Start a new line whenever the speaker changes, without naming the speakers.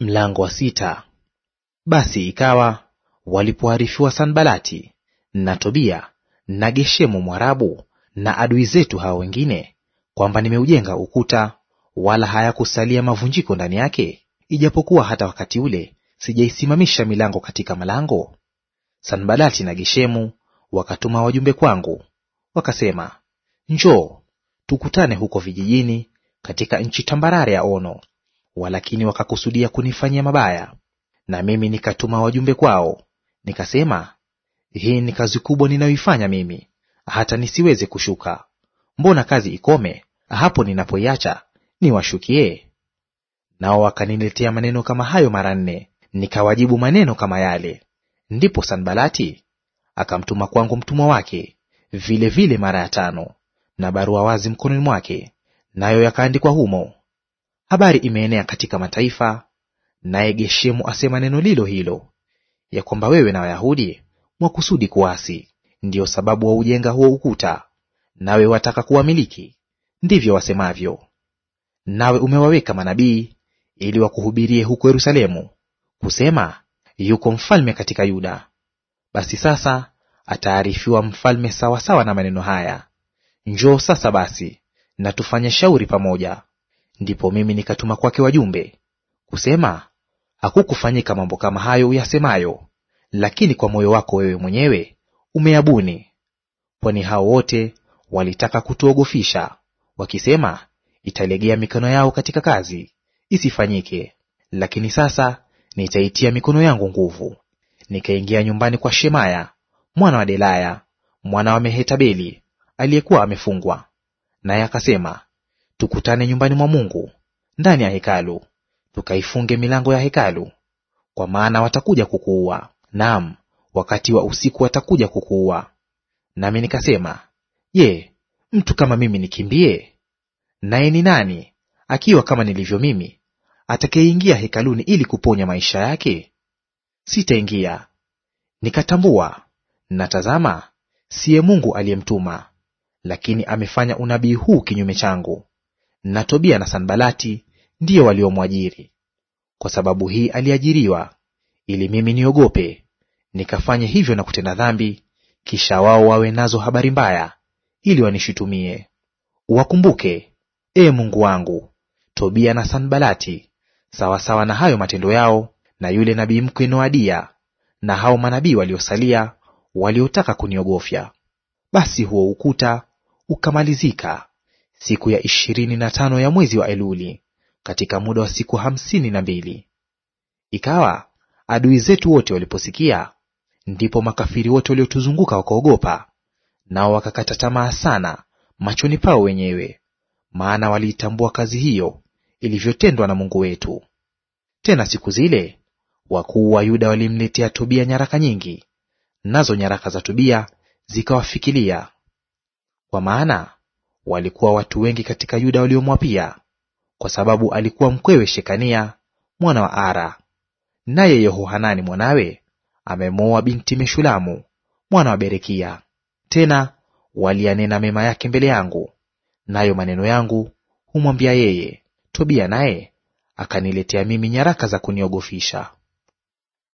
Mlango wa sita. Basi ikawa walipoarifiwa Sanbalati na Tobia na Geshemu Mwarabu na adui zetu hao wengine kwamba nimeujenga ukuta, wala hayakusalia mavunjiko ndani yake, ijapokuwa hata wakati ule sijaisimamisha milango katika malango, Sanbalati na Geshemu wakatuma wajumbe kwangu, wakasema, njoo tukutane huko vijijini katika nchi tambarare ya Ono, walakini wakakusudia kunifanyia mabaya. Na mimi nikatuma wajumbe kwao, nikasema, hii ni kazi kubwa ninayoifanya mimi, hata nisiweze kushuka. Mbona kazi ikome hapo ninapoiacha, niwashukie? Nao wakaniletea maneno kama hayo mara nne, nikawajibu maneno kama yale. Ndipo Sanbalati akamtuma kwangu mtumwa wake vilevile vile mara ya tano, na barua wazi mkononi mwake, nayo yakaandikwa humo Habari imeenea katika mataifa, naye Geshemu asema neno lilo hilo, ya kwamba wewe na Wayahudi mwakusudi kuasi; ndiyo sababu waujenga huo ukuta, nawe wataka kuwamiliki, ndivyo wasemavyo. Nawe umewaweka manabii ili wakuhubirie huko Yerusalemu, kusema, yuko mfalme katika Yuda. Basi sasa ataarifiwa mfalme sawasawa na maneno haya. Njoo sasa basi, na tufanye shauri pamoja. Ndipo mimi nikatuma kwake wajumbe kusema, hakukufanyika mambo kama hayo uyasemayo, lakini kwa moyo wako wewe mwenyewe umeyabuni. Kwani hao wote walitaka kutuogofisha, wakisema, italegea mikono yao katika kazi isifanyike. Lakini sasa nitaitia mikono yangu nguvu. Nikaingia nyumbani kwa Shemaya mwana wa Delaya mwana wa Mehetabeli aliyekuwa amefungwa, naye akasema tukutane nyumbani mwa Mungu ndani ya hekalu, tukaifunge milango ya hekalu, kwa maana watakuja kukuua; naam, wakati wa usiku watakuja kukuua. Nami nikasema, Je, mtu kama mimi nikimbie? Naye ni nani akiwa kama nilivyo mimi atakayeingia hekaluni ili kuponya maisha yake? Sitaingia. Nikatambua, natazama, siye Mungu aliyemtuma, lakini amefanya unabii huu kinyume changu na Tobia na Sanbalati ndiyo waliomwajiri. Kwa sababu hii aliajiriwa, ili mimi niogope nikafanye hivyo na kutenda dhambi, kisha wao wawe nazo habari mbaya, ili wanishutumie. Wakumbuke, e Mungu wangu, Tobia na Sanbalati sawasawa na hayo matendo yao, na yule nabii mkwe Noadia, na hao manabii waliosalia waliotaka kuniogofya. Basi huo ukuta ukamalizika, siku ya ishirini na tano ya mwezi wa Eluli, katika muda wa siku hamsini na mbili. Ikawa adui zetu wote waliposikia, ndipo makafiri wote waliotuzunguka wakaogopa, nao wakakata tamaa sana machoni pao wenyewe, maana waliitambua kazi hiyo ilivyotendwa na Mungu wetu. Tena siku zile wakuu wa Yuda walimletea Tobia nyaraka nyingi, nazo nyaraka za Tobia zikawafikilia, kwa maana walikuwa watu wengi katika Yuda waliomwapia, kwa sababu alikuwa mkwewe Shekania mwana wa Ara. Naye Yehohanani mwanawe amemwoa binti Meshulamu mwana wa Berekia. Tena walianena mema yake mbele yangu, nayo maneno yangu humwambia yeye. Tobia naye akaniletea mimi nyaraka za kuniogofisha.